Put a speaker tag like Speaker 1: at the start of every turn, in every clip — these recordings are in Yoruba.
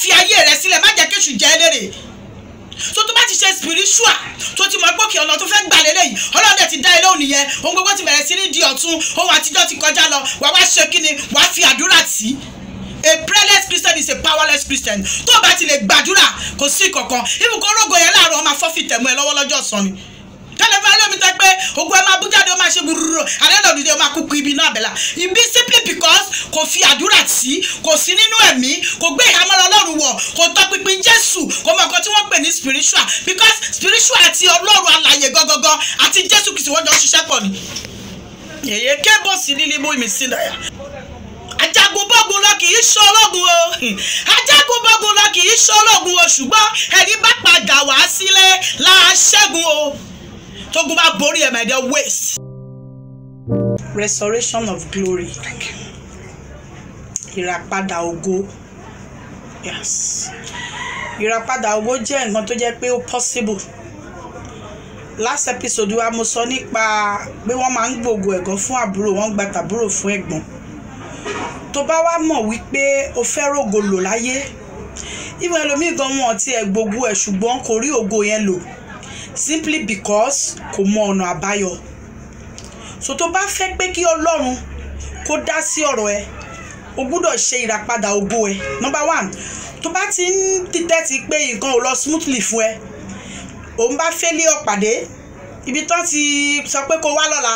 Speaker 1: fi ayé rẹ sílẹ̀ má jẹ́ kéṣù jẹ́ eléré so tó bá ti ṣe spiritual tó ti mọ pé kí ọ̀nà tó fẹ́ gbà lélẹ́yìí ọlọ́dẹ ti dá ilé òní yẹn ohun gbogbo ti bẹ̀rẹ̀ sí ní di ọ̀tun ohun àtijọ́ ti kọjá lọ wàá wá ṣe kí ni wàá fi àdúrà tì a prayerless christian is a powerless christian tó o bá ti lè gbàdúrà kò sí kankan ibùkún orógo yẹn láàárọ̀ ọmọ afọ́fìtẹ̀mú ẹ lọ́wọ́ lọ́jọ́ sọ ni tell everyone let me ogun ẹ máa bú jáde ó máa ṣe burúrú àdéhùn òdìdí ó máa kú ibi náà bẹ̀la ibi simply because kò fi àdúrà tí kò sí nínú ẹ̀mí kò gbé ìhámọ́ ọlọ́run wọ̀ kò tọ́ pinpin jésù kò mọ̀ nǹkan tí wọ́n pè ní spiritual because spiritual àti ọlọ́run alàyè gangan àti jésù kìí ṣe wọ́n jọ ṣiṣẹ́ pọ̀ ni yèyé kébọ̀ sí lílé mú mi sí náà ajagun bọ́gun lọ kì í ṣọlọ́gun o ajagun bọ́gun lọ kì í ṣọlọ́gun o ṣùgbọ́n ẹni bá padà wá sílé láà ṣẹ́gun o tógun bá borí ẹ̀ my dear waste. restoration of glory ìràpadà ògo yes ìràpadà ògo jẹ́ nǹkan tó jẹ́ pé ó possible last episode wa mo sọ nípa pé wọ́n máa ń gbògo ẹ̀gàn fún àbúrò wọ́n gba tàbúrò fún ẹ̀gbọ́n tó bá wá mọ̀ wípé o fẹ́ rògo lò láyé ìwé ẹlòmíì gan wọn ti ẹ̀ gbogbo ẹ̀ ṣùgbọ́n kò rí ògo yẹn lò simply because kò mọ ọ̀nà àbáyọ so tó bá fẹ́ pé kí ọlọ́run kó dá sí ọ̀rọ̀ ẹ o gbúdọ̀ ṣe ìràpadà ògo ẹ number one tó bá ti ń títẹ́tí pé nǹkan ò lọ smoothly fún ẹ òun bá fẹ́lẹ́ ọ̀pàdé ibi tán ti sọ pé kó wá lọ́la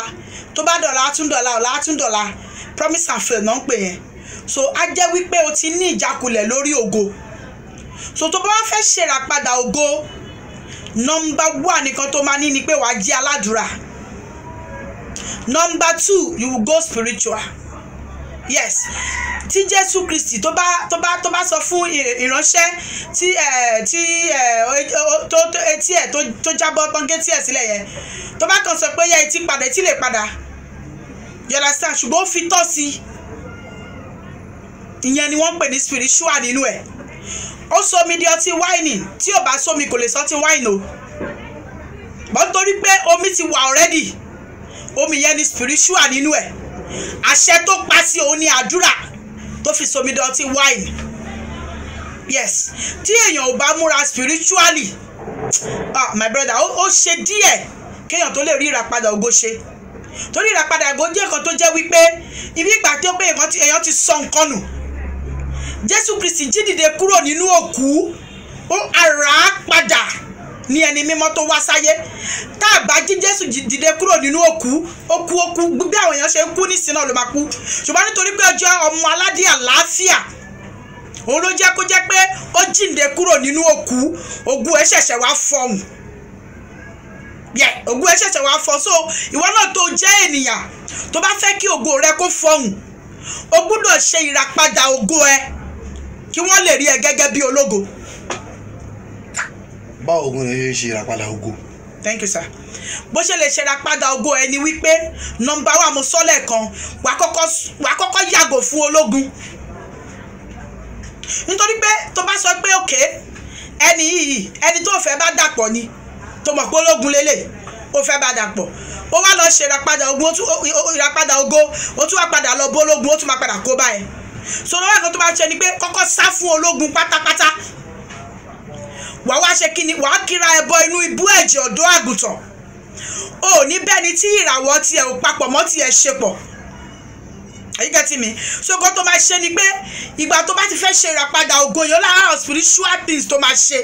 Speaker 1: tó bá dọ̀la á tún dọ̀la ọ̀la á tún dọ̀la promise and fail náà ń pè yẹn so á jẹ́ wípé o ti ní ìjákulẹ̀ lórí ògo so tó bá wá fẹ́ ṣèràpadà ògo nọmba one nìkan tó máa ní ni pé wàá jẹ́ aládùúrà nọmba two you will go spiritual yes tí jésù kristi tó bá tó bá tó bá sọ fún ìránṣẹ́ tí tí tó etí ẹ̀ tó jábọ́ pọ́ńkétí ẹ̀ sílẹ̀ yẹn tó bá kàn sọ pé yẹ etí padà etí lè padà you understand ṣùgbọ́n ó fi tọ́ sí ìyẹn ni wọ́n pè ní spiritual nínú ẹ̀ ó sọ mi di ọtí wáìnì tí ò bá sọ mi kò lè sọ ti wáìnì o bọ́n nítorí pé omi ti wà ọ̀rẹ́dì omi yẹn ni spiritual nínú ẹ̀ àṣẹ tó pa sí òun ni àdúrà tó fi sọ mi di ọtí wáìnì yes tí èèyàn ò bá múra spiritually ah my brother ó ṣe díẹ̀ kéèyàn tó lè rí ìràpadà ògo ṣe torí ìràpadà ògo jẹ́ nǹkan tó jẹ́ wípé ibi ìgbà tó pé èèyàn ti sọ nǹkan nù jésù kristi jí dìde kúrò nínú òkú ó ara padà ní ẹni mímọ́ tó wá sáyé tá a bá jí jésù dìde kúrò nínú òkú òkú òkú bí àwọn èèyàn ṣe ń kú nísìnyí náà ló máa kú ṣùgbọ́n nítorí pé ọjọ́ ọmọ aládé àlàáfíà òun ló jẹ́ kó jẹ́ pé ó jíǹde kúrò nínú òkú ògùn ẹ̀ ṣẹ̀ṣẹ̀ wá fọhùn yẹ ògùn ẹ̀ ṣẹ̀ṣẹ̀ wá fọ so ìwọ náà tó jẹ́ ènìyàn tó bá fẹ́ kí ògo rẹ kó fọhùn o gbúdọ̀ ṣe ìràpadà ògo ẹ̀ kí wọ́n lè rí ẹ gẹ́gẹ́ bí ológo. báwo ogun rẹ ṣe ṣe ìràpadà ogo. thank you sir bó ṣe lè ṣèràpadà ogo ẹ ni wípé nọ́mbà wa mo sọ lẹ́ẹ̀kan wà á kọ́kọ́ yàgò fún ológun nítorí pé tó bá sọ pé òkè ẹni yìí ẹni tó fẹ́ bá dàpọ̀ ni tó mọ̀ pé ológun lélẹ̀ ó fẹ́ bá dàpọ̀ ó wá lọ ṣèràpadà ogun ó tún ìràpadà ogo ó tún wá padà lọ bó ológun ó tún máa padà kó báyìí. So wà kan tó bá ṣe ni pé kọ́kọ́ sá fún ológun pátápátá wà wá ṣe kí ni wà á kíra ẹbọ inú ibú ẹ̀jẹ̀ ọ̀dọ́ àgùntàn ò ní bẹ́ẹ̀ ni tí ìràwọ̀ tiẹ̀ ò papọ̀ mọ́ tiẹ̀ ṣe pọ̀ èyí kẹ́tì mi sókò tó máa ṣe ni pé ìgbà tó bá ti fẹ́ ṣe ìràpadà ògo yóò lára spiritual things tó máa ṣe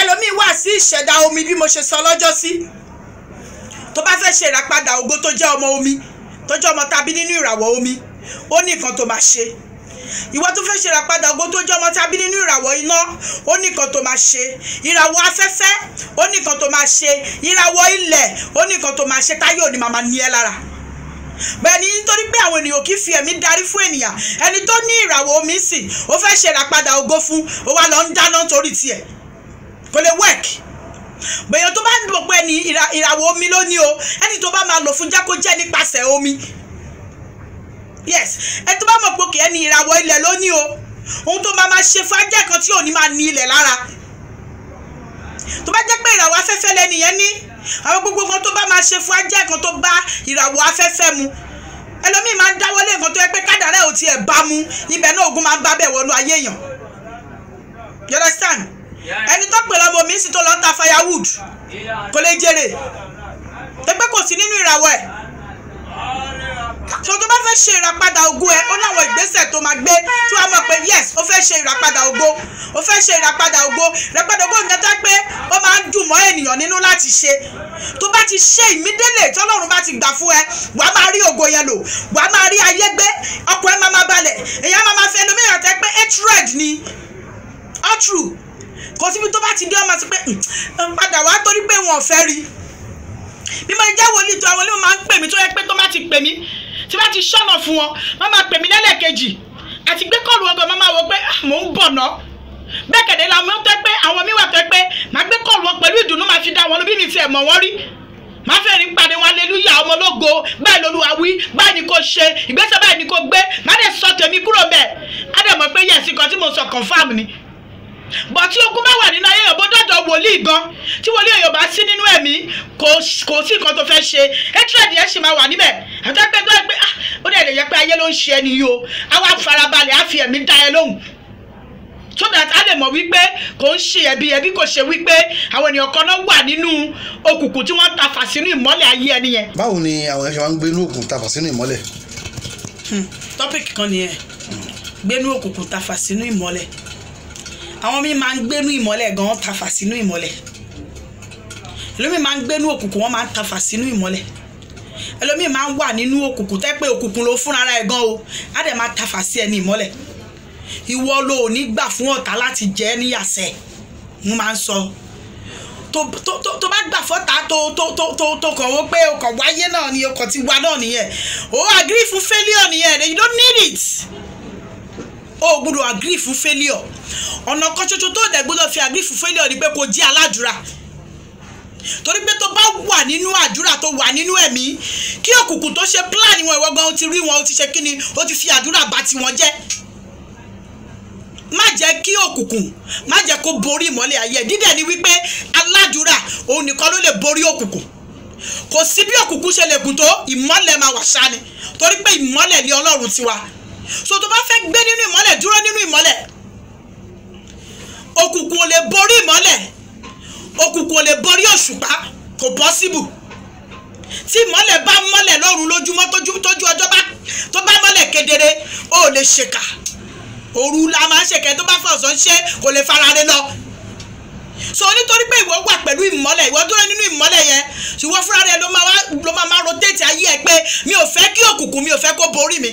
Speaker 1: ẹlòmíín wà sí ìṣẹ̀dá omi bí mo ṣe sọ lọ́jọ́ sí tó bá fẹ́ ṣe ìràpadà ògo tó jẹ́ ọmọ omi tó jẹ́ ọmọ tàbí nínú ìràwọ̀ omi ó ní nǹkan tó máa ṣe ìwọ tó fẹ́ ṣe ìràpadà ògo tó jẹ́ ọmọ tábí nínú ìràwọ̀ iná ó ní nǹkan tó máa ṣe ìràwọ̀ afẹ́fẹ́ ó ní nǹkan tó máa ṣe ìràwọ̀ ilẹ̀ ó ní nǹkan tó máa ṣe táyé òní màmá ní ẹ lára bẹ́ẹ̀ ni nítorí pé àwọn ènìyàn kì í fi ẹ̀mí darí fún ènìyàn ẹni tó ní ìràwọ̀ omi sì ó fẹ́ ṣe ìràpadà ògo fún ó wá lọ ń dáná torí tiẹ̀ kò lè wẹ́ẹ̀kì bẹ̀yàn tó bá ń bọ̀ pé ẹni ìràwọ̀ omi ló ní o ẹni tó bá máa lò fún jẹ́ nípasẹ̀ omi yes ẹ tó bá mọ̀ pé òkè ẹni ìràwọ̀ ilẹ̀ ló o ohun tó máa máa ṣe fájá kan tí ò ní máa ní ilẹ̀ lára tó bá jẹ́ pé ìràwọ̀ afẹ́fẹ́ lẹ́nu yẹn ní àwọn gbogbo nǹkan tó bá máa ṣe fún kan tó bá ìràwọ̀ afẹ́fẹ́ mu ẹlòmíì máa ń dáwọ́lé nǹkan tó yẹ pé kádàrá ò tiẹ̀ bá mu ibẹ̀ náà ogun máa ń bá bẹ̀ wọnú ayé èèyàn you understand ẹni tó pè lọ́mọ mi sì tó lọ́ọ́ ta firewood kò lè jèrè tó pé kò sí nínú ìràwọ̀ ẹ̀ so tó bá fẹ́ ṣe ìràpadà ògo ẹ ó láwọn ìgbésẹ̀ tó máa gbé tí wàá mọ̀ pé yes ó fẹ́ ṣe ìràpadà ògo ó fẹ́ ṣe ìràpadà ògo ìràpadà ògo nǹkan tó pé ó máa ń dùn mọ́ ènìyàn nínú láti ṣe tó bá ti ṣe ìmídélé tọ́lọ́run bá ti gbà fún ẹ wàá máa rí ògo yẹn lò wàá máa rí ayé gbé ọkọ̀ ẹ máa máa balẹ̀ èèyàn máa máa fẹ́ ẹlòmíràn tẹ́ pé hatred ni untrue kò síbi tó bá ti dé ọmọ sí pé hmm, padà wá torí pé wọn ò fẹ́ rí bí mo jẹ́ wòlíì tó àwọn olóòwò máa ń pè mí tó yẹ pé tó má ti pè mí tí bá ti ṣọ́nà fún wọn wọ́n máa pè mí lẹ́lẹ́kejì àti gbé kọ́ọ̀lù ọgọ́ máa wọ pé ah, mò ń bọ̀ ná bẹ́ẹ̀ kẹ̀dẹ́ la mọ́ tẹ́ pé àwọn mi wà tẹ́ pé màá gbé kọ́ọ̀lù wọn pẹ̀lú ìdùnnú máa fi dá wọn lóbi mi tiẹ̀ mọ̀ wọ́n rí máa fẹ́ rí pàdé wọn aleluya ọmọ ológo báyìí lolúwa wí báyìí ni kò ṣe ìgbésẹ̀ báyìí ni kò gbé má dẹ̀ sọ tèmi kúrò bẹ́ẹ̀ á dẹ̀ mọ̀ pé yẹ̀sì kan tí mo sọ confam ni bọ̀ tí ogun bá wà nínú ayé yòòbó dọ́dọ̀ wòlíì gan tí wòlíì èèyàn bá sí nínú ẹ̀mí kò sí nǹkan tó fẹ́ ṣe hatred yẹn sì máa wà níbẹ̀ àtàgbẹ́ gbé ah ó dẹ̀ lè yẹ pé ayé ló ń ṣe ẹni yìí o àwa farabalẹ̀ á fi ẹ̀mí dá ẹ lóhùn so that a lè mọ̀ wípé kò ń ṣe ẹ̀bi ẹ̀bi kò ṣe wípé àwọn ènìyàn kan náà wà nínú òkùnkùn tí wọ́n tafà sínú ìmọ́lẹ̀ ayé ẹni yẹn. báwo ni àwọn ẹ̀ṣẹ̀ wa ń gbé inú òkùnkùn tafà sínú ìmọ́lẹ̀. Hmm, tọ́pìkì kan nìyẹn hmm. gbénú òkùnkùn tafà sínú ìmọ́lẹ̀ àwọn mi máa ń gbénú ìmọ́lẹ̀ gan wọ́n tafà sínú ìmọ́lẹ̀ ẹlòmíì máa ń gbénú òkùnkùn wọ́n máa ń tafà sínú ìmọ́lẹ̀ ẹlòmíì máa ń wà nínú òkùnkùn tẹ́ pé òkùnkùn ló fúnra ẹ̀ gan o á dẹ̀ máa tafà sí ẹni ìmọ́lẹ̀ ìwọ lo ò ní gbà fún ọ̀tá láti jẹ ẹ́ níyàsẹ́ mo máa ń sọ tó bá gbà fọ́ta tó kàn wọ́n pé ọkọ̀ wáyé náà ni ọkọ̀ ti wá náà nìyẹn o agree fún failure nìyẹn you don't need it o gbọ́dọ̀ agree fún failure ọ̀nà kan ṣoṣo tó dẹ̀ gbọ́dọ̀ fi agree fún failure ni pé kò jẹ́ aládùúrà torí pé tó bá wà nínú àdúrà tó wà nínú ẹ̀mí kí òkùnkùn tó ṣe plan wọn ìwọ gan o ti rí wọn o ti ṣe kíni o ti fi àdúrà bà tiwọn jẹ́ má jẹ́ kí òkùnkùn má jẹ́ kó borí ìmọ́lẹ̀ ayé dídẹ̀ ni wípé aládùúrà òun nìkan ló lè borí òkùnkùn kò sí bí òkùnkùn ṣe lè kù tó ìmọ́lẹ̀ máa wà ṣáni torí pé ìmọ́lẹ̀ ni ọlọ́run tiwa so tó bá fẹ́ gbé nínú ìmọ́lẹ̀ dúró nínú ìmọ́lẹ̀ òkùnkùn ò lè borí ìmọ́lẹ̀ òkùnkùn ò lè borí òṣùpá kò pọ́síbù tí ìmọ́lẹ̀ bá mọ́lẹ̀ lọ́rùn lójúmọ́ tójú ọjọ́ bá tó bá mọ́lẹ̀ kedere ó lè ṣèkà òru la máa ń ṣèkà tó bá fẹ́ ọ̀sán ṣe kò lè fara rẹ lọ so nítorí pé ìwọ wà pẹ̀lú ìmọ́lẹ̀ ìwọ dúró nínú ìmọ́lẹ̀ yẹn ṣùgbọ́n fúnra rẹ ló máa ló máa rotate ayé ẹ pé mi ò fẹ́ kí òkùnkùn mi ò fẹ́ kó borí mi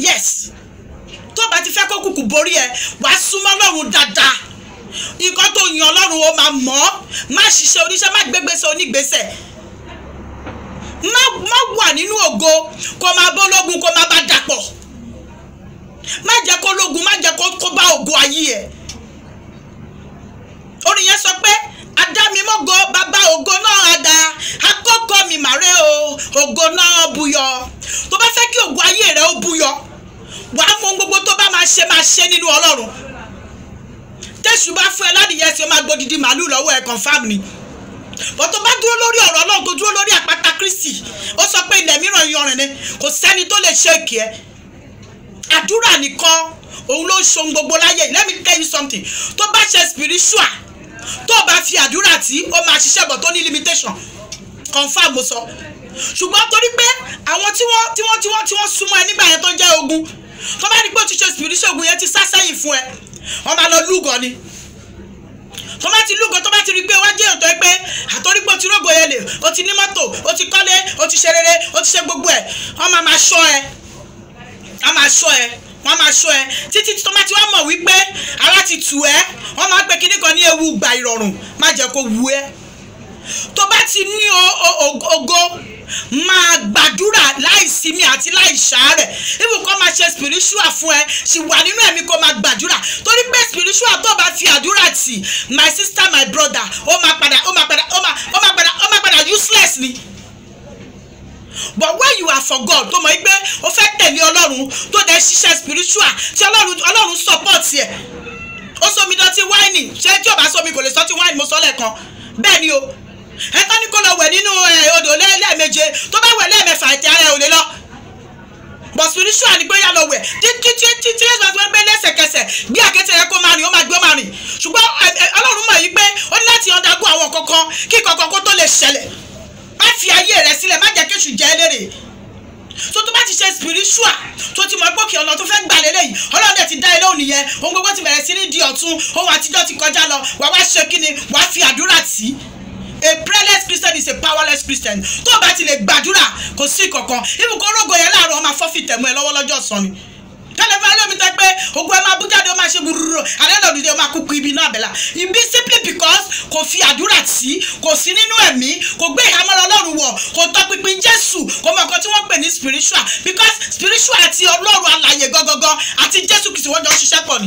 Speaker 1: yes tó bá ti fẹ́ kó kùkù borí ẹ wàá súnmọ́ Ọlọ́run dáadáa nǹkan tó yan Ọlọ́run ó máa mọ̀ ọ́ má ṣiṣẹ́ oníṣẹ́ má gbégbèsè onígbèsè má wà nínú ògo kó máa bọ́ lógun kó máa bá dàpọ̀ má jẹ́ kó lógun má jẹ́ kó bá ògo ayé ẹ̀ orin sọ pé adámimọ́go bàbá ògo náà ada akókò mi màrè o ògo náà buyọ tó bá fẹ́ kí ògo ayé rẹ̀ ó buyọ wà á mọ ohun gbogbo tó bá máa ṣe máa ṣe nínú ọlọ́run tẹ̀sù bá fún ẹ ládìyẹ ṣe máa gbódìdí màálù lọ́wọ́ ẹ confam ni bó tó bá dúró lórí ọ̀rọ̀ ọlọ́run tó dúró lórí àpáta kristi ó sọ pé ilẹ̀ mìíràn yanrìn ni kò sẹ́ni tó lè ṣe èkì ẹ àdúrà nìkan òun ló ń ṣohun gbogbo láyé let me tell you something tó bá ṣe spiritual tó bá fi àdúrà tí ó máa ṣiṣẹ́ bọ̀ tó ní limitation confam mo sọ. So ṣùgbọ́n torí pé àwọn tí wọ́n tí wọ́n tí wọ́n tí wọ́n súnmọ́ ẹ nígbà yẹn tó jẹ́ ogun tó bá rí pé o ti ṣe spiritual ogun yẹn ti sá sẹ́yìn fún ẹ wọ́n máa lọ lúgọ ni tó bá ti lúgọ tó bá ti rí pé wájú èèyàn tó ẹ pé àtọ́rí pé o ti rógo yẹn lè o ti ní mọ́tò o ti kọ́lé o ti ṣe rere o ti ṣe gbogbo ẹ̀ wọ́n máa máa ṣọ́ ẹ wọ́n máa ṣọ́ ẹ wọ́n máa ṣọ́ ẹ títí tó bá ti wá mọ̀ wípé ara ti tù ẹ́ wọ́n máa pè kíní kan ní ewu gbà ìrọ̀rùn má jẹ́ kó wù ẹ́ tó bá ti ní ògo máa gbàdúrà láìsinmi àti láìsàárẹ̀ ibùn kó máa ṣe spiritual fún ẹ sì wà nínú ẹ̀mí kó máa gbàdúrà torí pé spiritual tó bá fi àdúrà tì my sister my brother ó máa padà ó máa padà ó máa ó máa padà ó máa padà useless ni but when you are for God tó mọ̀ pé o fẹ́ tẹ̀lé ọlọ́run tó dẹ̀ ṣiṣẹ́ spiritual tí ọlọ́run ọlọ́run support yẹ ó sọ mi dọ̀tí wáìnì ṣé tí o bá sọ mi kò lè sọ ti wáìnì mo sọ lẹ́ẹ̀kan bẹ́ẹ̀ ni o ẹ tán ní kó lọ wẹ̀ nínú odò lẹ́ẹ̀méje tó bá wẹ̀ lẹ́ẹ̀mẹfà ẹ̀tẹ̀ ara ẹ̀ ò lè lọ but spiritual ni pé yá lọ wẹ̀ percent tó bá ti lè gbàdúrà kò sí kankan ibùkún orógo yẹn láàárọ̀ ọmọ afọ́fì tẹ̀mú ẹ lọ́wọ́ lọ́jọ́ sàn ni tẹlifíà lómi tẹ pé ogun ẹ máa bú jáde ó máa ṣe burúkú alẹ́ náà dìde ó máa kúkú ibi náà bẹ̀la ibi simply because kò fi àdúrà sí kò sí nínú ẹ̀mí kò gbé ìhámọ́ ọlọ́run wọ̀ kò tọpinpin jésù kò mọ̀ nǹkan tí wọ́n pè ní spiritual because spiritual àti ọlọ́run alàyè gangan àti jésù kìsìwọ́jọ́ ṣiṣẹ́ pọ̀ ni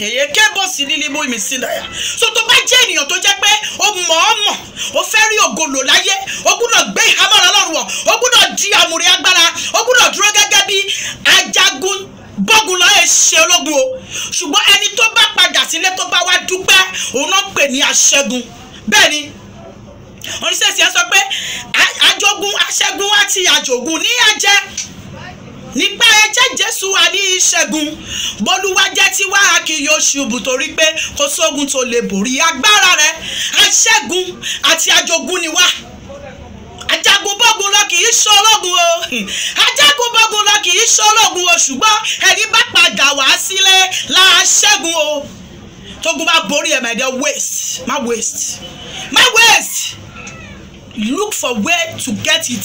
Speaker 1: yẹ̀yẹ́ kébọ̀ sí lílí mú mi sí náà so tó bá jẹ́ ènìyàn tó jẹ́ pé ó mọ̀ ọ́ mọ̀ O fẹ́ rí ògo lò láyé ó gbúdọ̀ gbé ìhámọ́ra lọ́rùn wọ̀ ó gbúdọ̀ di àmùrè agbára ó gbúdọ̀ dúró gẹ́gẹ́ bí ajagun bọ́gun lọ́yẹ̀ ṣe ológun o ṣùgbọ́n ẹni tó bá padà sílé tó bá wá dúpẹ́ òun náà pè ní aṣẹ́gun bẹ́ẹ̀ ni oníṣẹ́sì ẹ sọ pé ajogun aṣẹ́gun àti àjògùn ní àjẹ́ nípa ẹ̀jẹ̀ jésù wa ní ìṣẹ́gun bólúwa jẹ́ tiwa a kì yóò ṣubú torí pé kò sógun tó lè borí agbára rẹ aṣẹ́gun àti ajogun ni wá ajagun bọ́gun lọ kì í ṣológun o ajagun bọ́gun lọ kì í ṣológun o ṣùgbọ́n ẹni bá padà wá sílé la ṣẹ́gun o tógun bá borí ẹ̀ my waste my waste my waste look for where to get it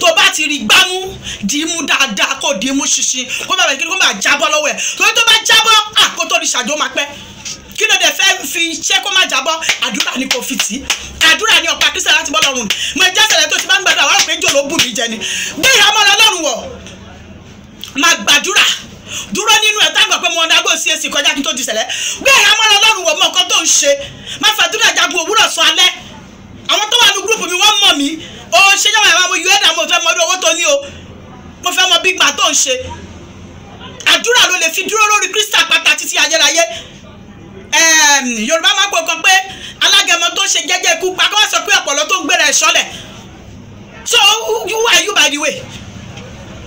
Speaker 1: tó bá ti rí gbámú dìímú dáadáa kó dìímú ṣinṣin kó má bàjẹ́ kó má jábọ́ lọ́wọ́ ẹ̀ torí tó bá jábọ́ àkótó ni ṣàjọ máa pẹ́ kí ló dé fẹ́ fi ṣe kó má jábọ́ àdúrà ni kò fi tì í àdúrà ni ọ̀pá kristian láti bọ́ lọ́rùn mo ẹ jẹ́sẹ̀lẹ̀ tó ti bá ń gbàdúrà wọ́n rò pé jò ló bù mí jẹ ni gbé ìyá ọmọ lọ́rùn wọ̀ máa gbàdúrà dúró nínú ẹ̀ tágbà pé mo ọ̀nà agbó csc kọjá kí n tó di ṣẹlẹ̀ gbé ìyá ọmọ lọ́rùn wọ̀ mọ nǹkan tó ń ṣe má fàdúrà jagun òwúrọ̀ sọ alẹ́ àwọn tó wà ní gúrùpù mi wọ́n mọ̀ mí o ṣé jọ̀wọ́ ìwà mo yọ ẹ̀dá mo fẹ́ mọ ọdún owó tó ní o mo fẹ́ mọ bí gbà tó ń ṣe àdúrà ló lè fi dúró lórí Kristi pátá títí ayérayé Yorùbá máa gbọ́ kan pé alágẹmọ tó ṣe jẹ́jẹ́ ikú pa kọ́ sọ pé ọ̀pọ̀lọ́ tó ń gbéra ẹ̀ ṣọlẹ̀ so who are you by the way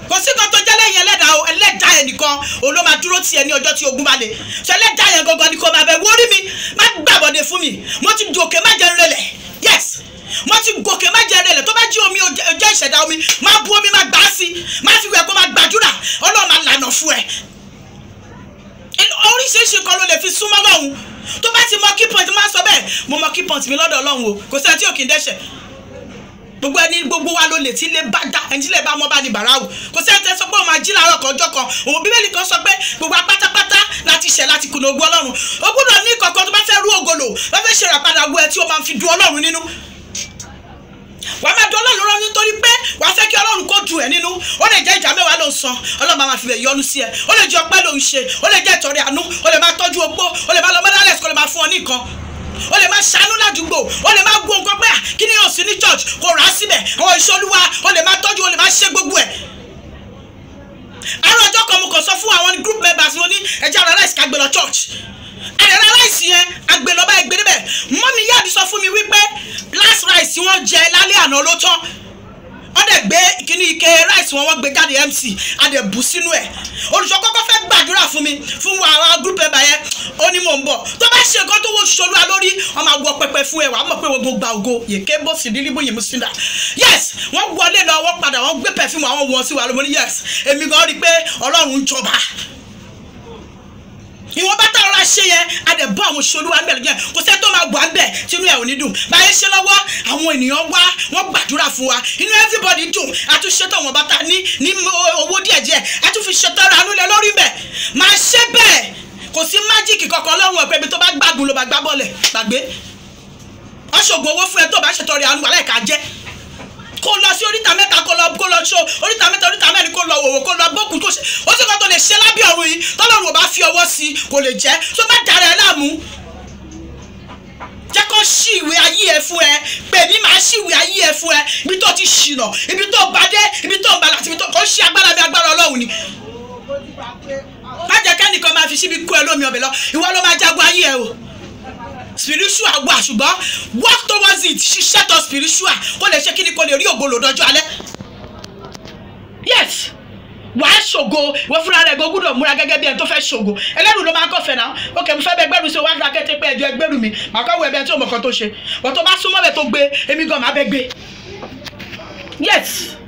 Speaker 1: kò sí kan tó jẹ́ lẹ́yìn ẹlẹ́dàá o ẹlẹ́dàá yẹn nìkan òun ló máa dúró tì ẹ́ ní ọjọ́ tí ogun bá le so ẹlẹ́dàá yẹn gangan ni kò máa bẹ wórí mi má gbàbọ̀dé fún mi mo ti dòkè má jẹun lélẹ̀ mo ti gòkè má jẹ rẹ lẹ tó bá jí omi ọjọ́ ìṣẹ̀dá omi má bu omi má gbà á sí má fi wẹ̀ kó má gbàdúrà ọlọ́run má lànà fún ẹ oríṣiríṣi kan ló lè fi súnmọ́ lọ́hùn tó bá ti mọ kí point má sọ bẹ́ẹ̀ mo mọ kí point mi lọ́dọ̀ ọlọ́run o kò sẹ́ni tí ò kí ń dẹ́ṣẹ̀ gbogbo ẹni gbogbo wa ló lè tí lè bá dá ẹni tí lè bá ọmọ bá ní bàrà o kò sẹ́ni tẹ́ sọ pé òun máa jí làárọ̀ kan ọjọ́ kan òun bíbélì kan sọ pé gbogbo apátápátá láti ṣẹ̀ láti kùnà ògùn ọlọ́run ó gbọ́dọ̀ ní ìkọ̀kan tó bá fẹ́ rú ògolo bá fẹ́ ṣèràpadà ogun ẹ tí ó máa fi du ọlọ́run nínú wàá máa dán ọlọ́run rán nítorí pé wàá fẹ́ kí ọlọ́run kó dùn ẹ̀ nínú ó lè jẹ́ ìjà mẹ́wàá ló ń san ọlọ́run máa fi yọ́nú sí ẹ ó lè jẹ́ ọpẹ́ ló ń ṣe ó lè jẹ́ ìtọ́rẹ àánú ó lè máa tọ́jú opó ó lè máa lọ mọ́dálẹ̀ kó lè máa fún ọ ní nǹkan o lè máa ṣàánú ládùúgbò o lè máa gbó nǹkan pé kí ni òsì ní church kò rà á síbẹ̀ àwọn ìṣolúwa o lè máa tọ́jú o lè máa ṣe gbogbo ẹ̀ àárọ̀ ọjọ́ kan mo kàn sọ fún àwọn group members mo ní ẹ̀jẹ̀ ara rice ká gbé lọ church lè ra ráìsì yẹn àgbélọ́bà ẹgbẹ́ níbẹ̀ mọ́mí yáàdì sọ fún mi wípé last rice wọ́n jẹ lálẹ́ àná ló tán wọ́n dẹ̀ gbé kíní ike rice wọn wọ́n gbé jáde mc adẹ̀bù sínú ẹ̀ olùṣọ́ kọ́kọ́ fẹ́ gbàdúrà fún mi fún wa àwọn group ẹ̀bà yẹn ó ní mò ń bọ̀ tó bá ṣe nǹkan tó wọ́n ṣolú wa lórí wọ́n máa wọ pẹpẹ fún ẹ wàá mọ̀ pé wọ́n gbogbo àgọ́ yèké bó sì rírí bóyè mú sílá yes wọ́n wọlé lọ wọ́n padà wọ́n gbé pẹ̀fíìmù àwọn wọ́n sí wa lọ́mọ ní yes èmi gan rí i pé ọlọ́run ń jọba ìwọ bá tàwọn ra ṣe yẹn adẹ bọ àwọn oṣù olúwa ńbẹ lójú ẹ kò sẹ tó máa gbọ ńbẹ tínú ẹ ò ní dùn báyé ṣe lọ́wọ́ àwọn ènìyàn wá wọ́n gbàdúrà fún wa inú everybody dùn àtúnṣe tó wọn bá ta ní ní owó díẹ̀ díẹ̀ àtúnfi ṣetán ra anúlẹ lórí mbẹ máa ṣe bẹ́ẹ̀ kò sí májíìkì kankan lọ́wọ́ ẹ̀pẹ́ ibi tó bá gbàgùn ló bá gbá bọ́ọ̀lẹ̀ gbàgbé ọ̀ṣọ́gun owó fún ẹ tó bá ṣètọ́rẹ̀ àánú aláìka jẹ́ kó lọ sí oríta mẹ́ta kó lọ kó lọ sí oríta mẹ́ta oríta mẹ́rin kó lọ òwò kó lọ gbókùn tó ṣe ó sì kọ́ tó lè ṣe lábẹ́ ọ̀run yìí tọ́lọ́run ò bá fi ọwọ́ sí i kò lè jẹ́ tó bá dàrẹ́ ẹ láàmú jẹ́ kó ṣí ìwé ayé ẹ fún ẹ pé èmi máa ṣí ìwé ayé ẹ fún ẹ ibi tó ti ṣìnà ibi tó gbadé ibi tó gbàlà àti ibi tó kò ṣe agbára bí agbára ọlọ́run ni má jẹ́ kẹ́nìkan máa fi síbi kú ẹ lómi ọbẹ̀ lọ ìwọ ló máa jagun ayé ẹ o spiritual wà ṣùgbọ́n work towards it ṣiṣẹ́ tó spiritual kó lè ṣe kí ni kó lè rí ògbólò dọjọ́ alẹ́ yes wàá ṣògo ìwé fúnra rẹ̀ gan gbúdọ̀ múra gẹ́gẹ́ bí ẹni tó fẹ́ ṣògo ẹlẹ́rù ló máa kọ́ fẹ̀ náà ó kẹ́ mi fẹ́ bẹ gbẹ́rù sí wàá dákẹ́tẹ́ pé ẹjọ́ ẹgbẹ́rù mi màá kọ́ wọ ẹbẹ tí òmùkan tó ṣe wọ́n tó bá súnmọ́ bẹ tó gbé èmi gan màá bẹ gbé yes